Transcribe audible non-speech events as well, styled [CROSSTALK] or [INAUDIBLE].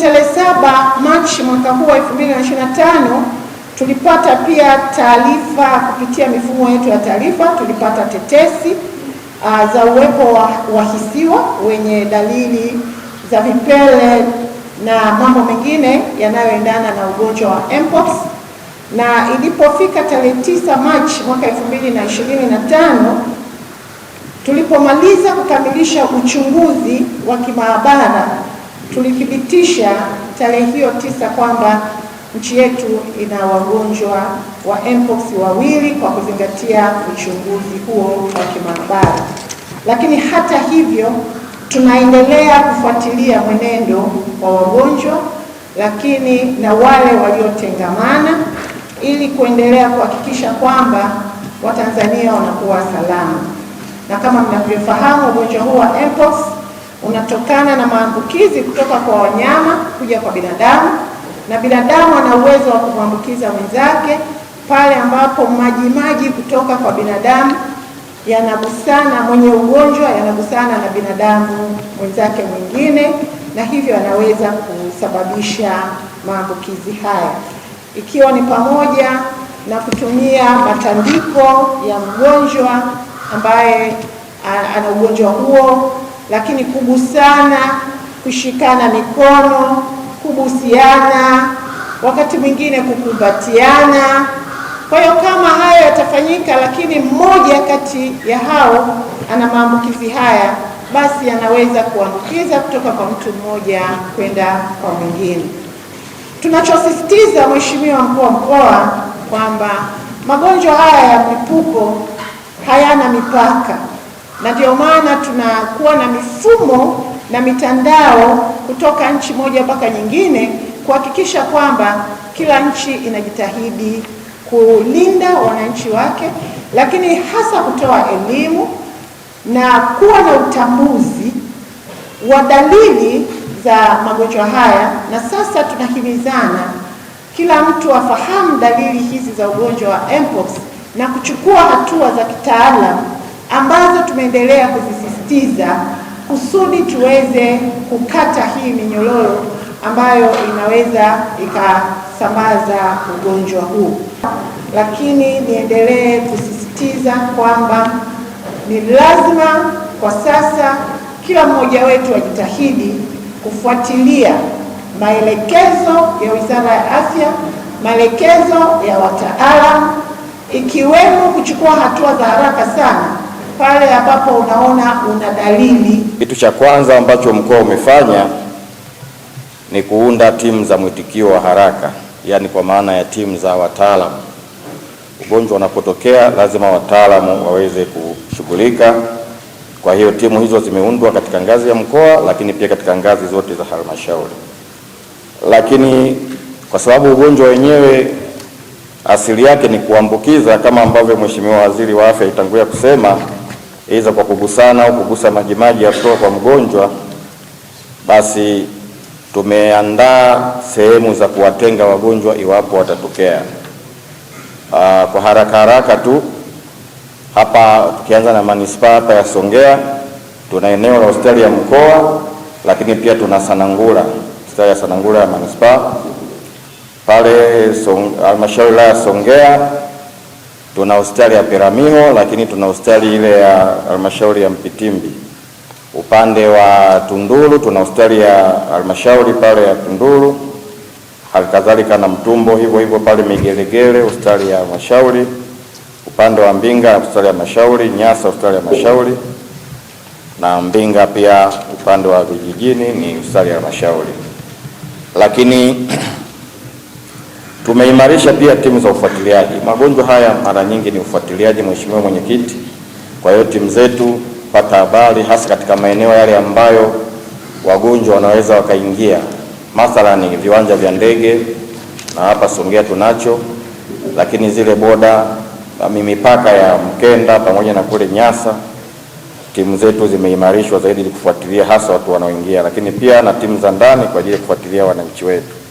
tarehe 7 Machi mwaka huu wa 2025 tulipata pia taarifa kupitia mifumo yetu ya taarifa, tulipata tetesi uh, za uwepo wa wahisiwa wenye dalili za vipele na mambo mengine yanayoendana na ugonjwa wa mpox, na ilipofika tarehe 9 Machi mwaka 2025 tulipomaliza kukamilisha uchunguzi wa kimaabara tulithibitisha tarehe hiyo tisa kwamba nchi yetu ina wagonjwa wa mpox wawili kwa kuzingatia uchunguzi huo wa kimaabara. Lakini hata hivyo, tunaendelea kufuatilia mwenendo wa wagonjwa, lakini na wale waliotengamana, ili kuendelea kuhakikisha kwamba Watanzania wanakuwa salama, na kama mnavyofahamu ugonjwa huu wa mpox unatokana na maambukizi kutoka kwa wanyama kuja kwa binadamu, na binadamu ana uwezo wa kumwambukiza mwenzake pale ambapo maji maji kutoka kwa binadamu yanagusana, mwenye ugonjwa yanagusana na binadamu mwenzake mwingine, na hivyo anaweza kusababisha maambukizi haya, ikiwa ni pamoja na kutumia matandiko ya mgonjwa ambaye ana ugonjwa huo lakini kugusana, kushikana mikono, kubusiana, wakati mwingine kukumbatiana. Kwa hiyo kama hayo yatafanyika, lakini mmoja kati ya hao ana maambukizi haya, basi anaweza kuambukiza kutoka kwa mtu mmoja kwenda kwa mwingine. Tunachosisitiza Mheshimiwa Mkuu wa Mkoa kwamba magonjwa haya ya mlipuko hayana mipaka na ndio maana tunakuwa na mifumo na mitandao kutoka nchi moja mpaka nyingine kuhakikisha kwamba kila nchi inajitahidi kulinda wananchi wake, lakini hasa kutoa elimu na kuwa na utambuzi wa dalili za magonjwa haya. Na sasa tunahimizana kila mtu afahamu dalili hizi za ugonjwa wa mpox na kuchukua hatua za kitaalamu tumeendelea kuzisisitiza kusudi tuweze kukata hii minyororo ambayo inaweza ikasambaza ugonjwa huu. Lakini niendelee kusisitiza kwamba ni lazima kwa sasa kila mmoja wetu ajitahidi kufuatilia maelekezo ya Wizara ya Afya, maelekezo ya wataalamu, ikiwemo kuchukua hatua za haraka sana pale ambapo unaona una dalili. Kitu cha kwanza ambacho mkoa umefanya ni kuunda timu za mwitikio wa haraka, yaani kwa maana ya timu za wataalamu. Ugonjwa unapotokea lazima wataalamu waweze kushughulika. Kwa hiyo timu hizo zimeundwa katika ngazi ya mkoa, lakini pia katika ngazi zote za halmashauri. Lakini kwa sababu ugonjwa wenyewe asili yake ni kuambukiza, kama ambavyo Mheshimiwa Waziri wa Afya alitangulia kusema aidha kwa kugusana au kugusa majimaji ya kutoka kwa mgonjwa, basi tumeandaa sehemu za kuwatenga wagonjwa iwapo watatokea. Ah, kwa haraka haraka tu hapa tukianza na manispaa hapa ya Songea tuna eneo la hospitali ya mkoa, lakini pia tuna Sanangula, hospitali ya Sanangula ya manispaa pale halmashauri ya Songea tuna hospitali ya Peramiho, lakini tuna hospitali ile ya halmashauri ya Mpitimbi. Upande wa Tunduru tuna hospitali ya halmashauri pale ya Tunduru, halikadhalika na Mtumbo hivyo hivyo, pale Migelegele hospitali ya halmashauri. Upande wa Mbinga hospitali ya halmashauri, Nyasa hospitali ya halmashauri na Mbinga pia upande wa vijijini ni hospitali ya halmashauri lakini [CLEARS THROAT] Tumeimarisha pia timu za ufuatiliaji. Magonjwa haya mara nyingi ni ufuatiliaji, Mheshimiwa Mwenyekiti. Kwa hiyo timu zetu pata habari hasa katika maeneo yale ambayo wagonjwa wanaweza wakaingia, mathalani viwanja vya ndege na hapa Songea tunacho, lakini zile boda mipaka ya Mkenda pamoja na kule Nyasa, timu zetu zimeimarishwa zaidi kufuatilia hasa watu wanaoingia, lakini pia na timu za ndani kwa ajili ya kufuatilia wananchi wetu.